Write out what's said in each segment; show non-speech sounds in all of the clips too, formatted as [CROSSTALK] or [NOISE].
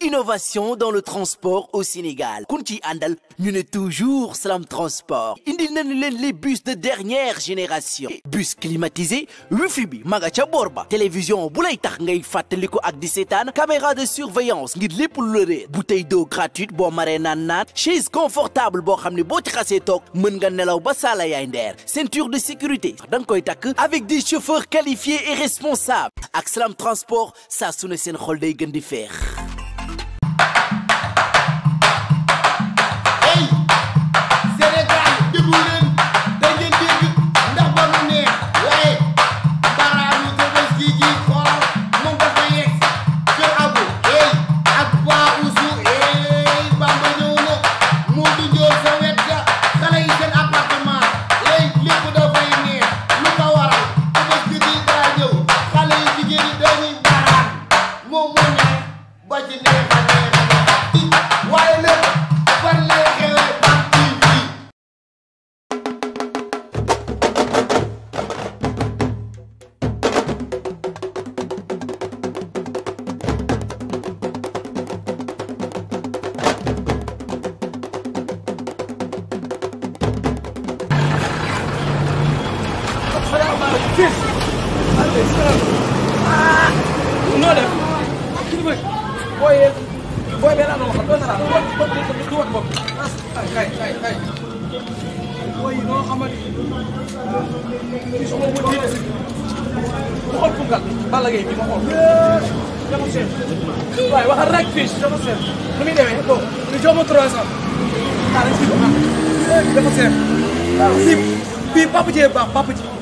innovation dans le transport au Sénégal kun ci àndal ñu ne toujours Salam Transport indi nañu leen les bus de dernière génération bus climatisé fi bi ma nga ca boor ba télévision bu lay tax ngay fàttaliku ak di seetaan caméra de surveillance ngir lépp lu la réer bouteille d'eau gratuite boo maree naan naan chaise confortable boo xam ne boo ci xasee toog mën nga nelaw ba saala yaay ndeer ceinture de sécurité da nga koy takk avec des chauffeurs qualifiés et responsables ak Salam Transport saa su ne seen xol day gën di feex ah noo def kii bi booy yee booy bee laa doon waxal doo dara du wat bopp ah kay kay kay booy yi noo xamante ni su ma wut di des bu xool Koungheul Balla Gaye bi ma xool. dama seet waaye waxal rek fii dama seet nu muy demee bon lu jox ma 300 daal dañ siy ko am dafa seet. waaw si bii Papa Dieng baax Papa Dieng.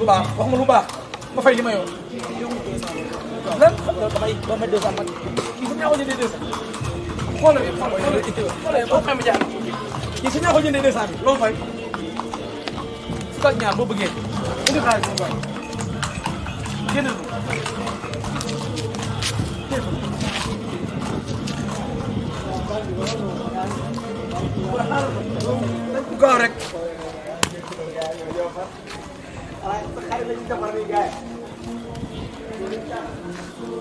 lu baax wax ma lu baax ma fay li ma yor. lan damay damay deux cent man kii su ñu ko jëndee deux cent. xoolal xoolal boo xam ne jaar kii su ñu ko jëndee deux cent bi loo fay. fukk ak ñaar boo bëggee indi xaalis bi fay génn gaaw rek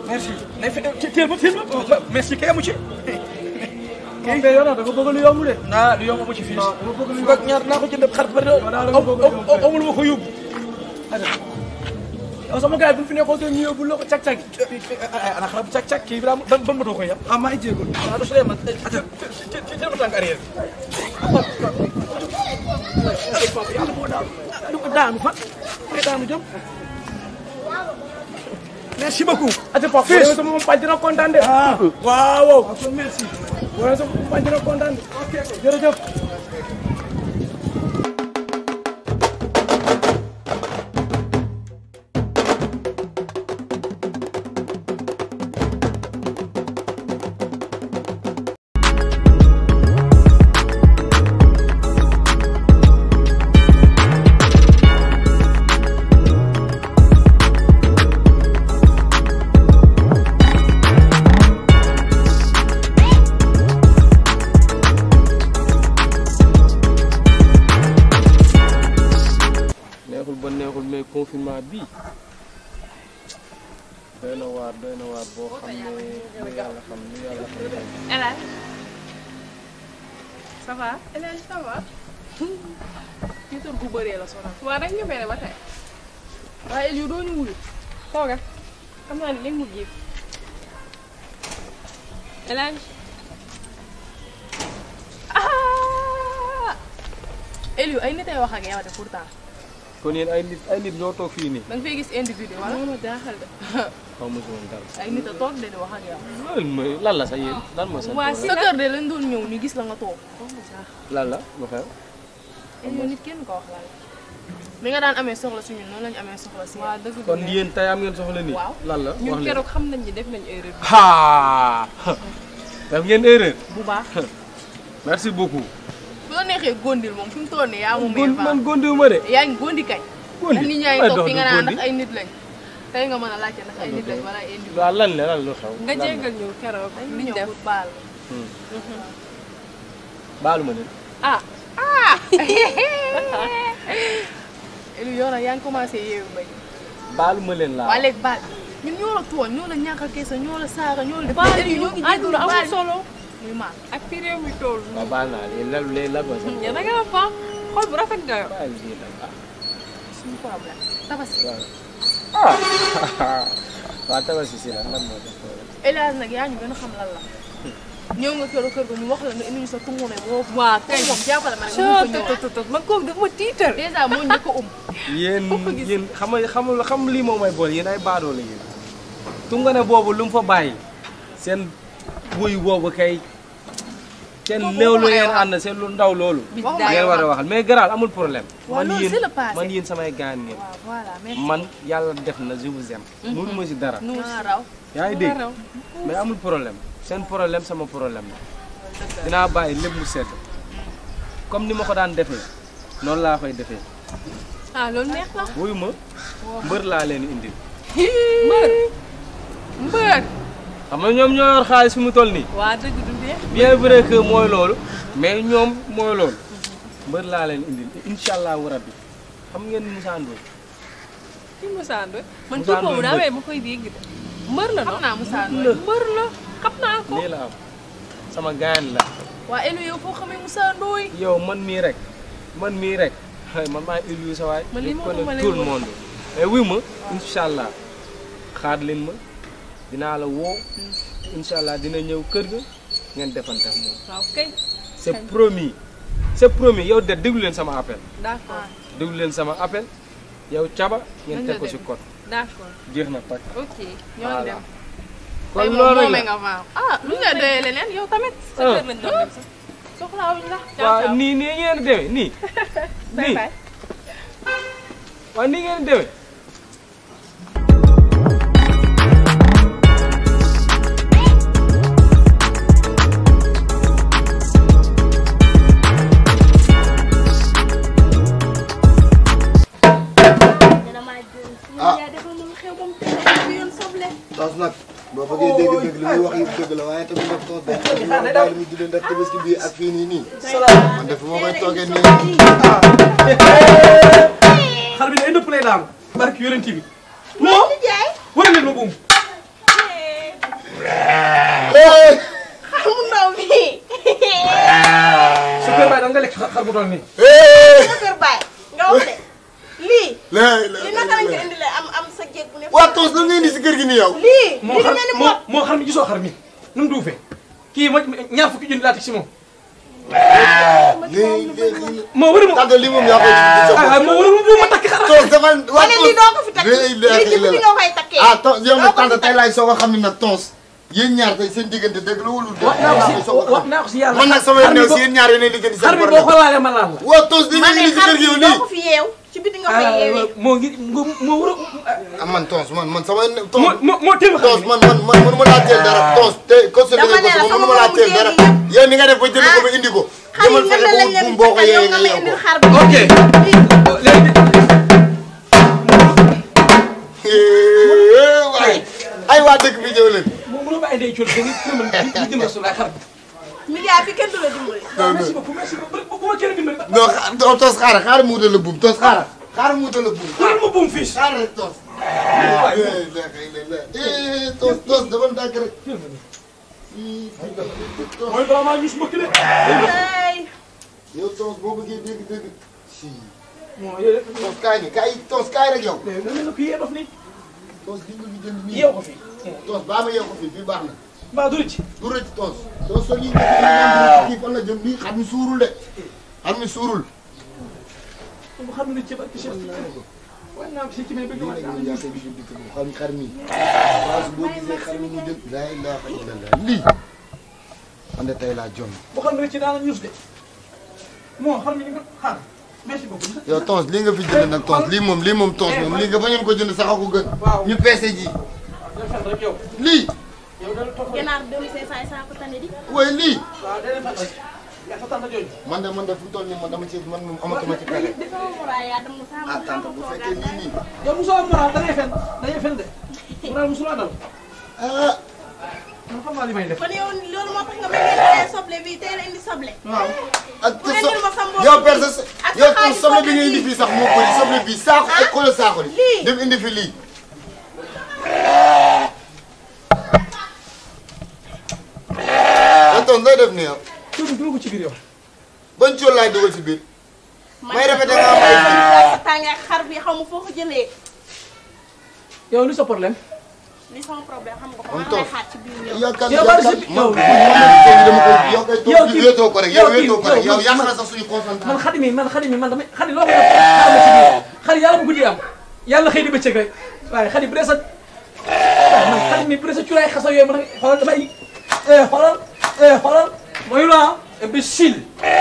merci. nañ fi teel ma merci kay amu ci. kii mais yow da nga bëgg lu mu ci fii. waaw dama bëgg xar bëri na amul ma ko yóbbu. yow sama gars yi bu fi nekkoon ñu yóbbu la ko càq càq. Eh, ana xarab bi daa ban ban ma doon koy yab. ah maa ngi jéego. waaw ah, du Souleymane. Eh, attends ci jël ma daanu jëm. merci beaucoup. ati Pape fii sama compagne dina kontaan de. Ah. waaw waaw. merci. wala sama compagne dina kontaan de. jërëjëf. doy na waar boo xam ne lu yàlla xam lu yàlla xam El Hadj ça va El Hadj ça va [LAUGHS] tiitar la sonal waa rek nga mel ba tey waaye El yu doo ñu wuyu ne léegi mu jiib El Hadj ah! wax ak kon yéen ay nit ay nit ñoo toog fii nii. da nga fay gis individu wala. non non jaaxal de. [LAUGHS] xaw ma si woon dara. ay nit a toog de di wax ak yow. lan mooy lan la sax yéen lan mooy. waaw sa kër de lañ doon ñëw ñu gis la nga toog. lan la lu xew. Eh, yow nit kenn ko wax lan la. mi nga daan amee soxla suñu noonu lañu amee soxla si. waaw dëgg kon yéen tey am ngeen soxla nii. lan la wax ñun keroog xam nañ ni def nañ erreur. [LAUGHS] def ngeen erreur. bu baax [LAUGHS] merci beaucoup. bu la neexee gondil moom fi mu toll nii yaa moom. man gondil ma de. yaa ngi gondi kañ. gondi ndax nit ñaa ngi toog fi nga ay nit lañ. tey nga mën a laajte ndax ay nit lay wala ay nit. waaw la lan lu xew. nga jéggal ñu keroog li ñu def baal. Hmm. Mhm. baalu ma ah. ah! [LAUGHS] Elu yoona yaa ngi commencé yeewu mbay. baalu ma leen laa. waa léegi baal ñun ñoo la tooñ ñoo la ñàkk a kees ñoo la saaga ñoo la. def baal solo muy maar ak fi réew mi toll. waaw baal naa léegi lan léegi lan nga sax. yéen a ngi am fan xool bu rafet nga yor. waaw lii nag ah. suñu problème tabaski. ah [LAUGHS] waaw tabaski si la man moo tax. Elage nag yaa ñu gën a xam lan la. ñëw nga kër kër ga ñu wax la nga indi ñu sa tungu ne boo. waaw tey moom jàppale ma rek man kooku dafa ma tiital. dèjà moo ñu ko um. yéen yéen xam nga xam xam lii moom may bool yéen ay baadoo la yéen. tungu ne boobu lu mu fa bàyyi seen buy boobu kay seen léew lu ngeen na seen lu ndaw loolu. ngeen war a waxal mais garaal amul problème. man yéen man yéen samay gaan ngeen. man yàlla def na je vous aime. mënu mhm. ma si dara. yaa ngi dégg mais amul problème seen problème sama problème la. dinaa bàyyi lépp mu comme ni ma ko daan defee noonu laa koy defee. ah ma mbër laa leen indi mbër mbër. xam nga ñoom ñoo yor xaalis fi mu toll nii. waa dëgg du bien. mooy loolu. mais ñoom mooy loolu. mbër laa leen indil te incha rabbi xam ngeen Moussa Ndoye. kii Moussa Ndoye man kii daa may ma koy dégg de. mbër la xam mbër la xam naa ko. nii la am sama gaañ la. waa Elou yow foo xamee Moussa Ndoye. yow man mii rek man mii rek man maa Elou sa waay. man li ma ko tout le monde. Eh, ma incha allah xaar leen ma. dinaa la woo. Hmm. incha allah dina ñëw kër ga ngeen defante ak moom. waaw kay. c' est promis yow de déglu leen sama appel. d' ah. leen sama appel yow caba ngeen teg ko si code. jeex na takk. kon loolu la ah, lu ñu doyee leneen yow tamit. sa ah. kër lañ doon sax waaw nii nii ngeen demee nii. [LAUGHS] waaw nii ngeen demee. dëgg la waaye tamit daf koo benn dëgg la daal li muy dundee ndax tabaski bii ak fii nii nii. salaamaaleykum man de fu ma koy toogee nii. xar bi day nëpp lay daanu. barke yonent bi. non war leen ma buum. xamu ndaw mi. su kër baay da nga lekk xar bu toll nii. su kër baay nga wax de. lii. lii naka lañ ko indilee am am sa jéeg bu ne. waa tos lan nga indi si kër gi nii yow. lii lii mel ni moo moo xar mi gisoo xar mi. nu mu kii ma ñaar fukki junni laa teg si moom. lii lii moo wër ma tàggat lii moom yaa koy. moo wër ma ma takk xanaa. tons dafa waa tons lii doo ko fi takkee lii nga koy takkee. ah tons yow nag tànn tey laay soo ko xam ne tons. yéen ñaar tey seen diggante dëgg la wala. wax naa ko si wax naa ko si yàlla. man nag sama yoon si yéen liggéey. xar bi boo ko laalee tons di nga liggéey si kër gi yow biti nga koy yeewee moo ngi moo war a. man tons man man sama. moo moo moo teel tons man man man mënu ma laa teel dara. tons te constaté ko sama mënu ma laa teel dara. yow ni nga def ba jënd ko ba indi ko. xale yi nan lañ leen boo ko yeewee nga yeew ko ok léegi. waay ay waa dëkk bi ñëw leen. moom mënoo ma indee coono ba nga jëmal xar bi. Midia fi kenn du la dimbali. non non merci beaucoup merci beaucoup bu ma kenn dimbali. non tos xaaral xaaral mu wutal la tos xaaral. xaaral mu wutal la buum. mu buum fii. xaaral eh, eh, tos. tos tos tos kaay bi kaay tos kaay rek yow. tos bi nga ko fi. tos baa na. mbaa du rëcc. du rëcc toos. soo soññi ñu ne la jëm nii xam ni suurul de xam ci may bëgg wala naa la xam xar mi. mi mu jëm. laa ilaaha illallaah lii. man de tey laa jom. boo xam ne rëcc daan na ñus de. tons lii nga fi jënd nag tons lii moom lii moom tons moom lii nga bañoon ko jënd sax ko gën. ñu peese ji. lii. ganaar 2500 yi saako tane di. waaye lii. waaw day def ak tante jooju. man de man de fu mu toll nii man dama ci man moom amatuma ci pexe. ah tante bu fekkee nii de. moral mosuloo dal. Ah. moo tax nga may indi soble bi teel a indi soble. waaw. ak perso soble bi nga indi fii sax moo bëri soble bi saako ak ah. xoolal saako li dem indi fi lii. yow nooy def nii yow. Thioune dugg ci biir yow. ban Thioune laay dugal ci biir. may rafet da ngaa may tàngee xar bi xaw ma foo ko jëlee. yow lu sa problème. li sama problème xam nga ko maa ngi xaar ci biir ñëw. yow kat yow yow kii yow ko rek yow wéetoo ko rek yow yàq na sax suñu concentration. man xadi mi man xadi mi man damay xadi loo ko def xaar ma ci biir xadi yàlla bu guddi am yàlla xëy di bëccëg rek waaye xadi bu dee sa man xadi mi bu dee sa cuuraay xasa yooyu man xoolal damay eh, xoolal eh xoolal mooy la imbécile eh,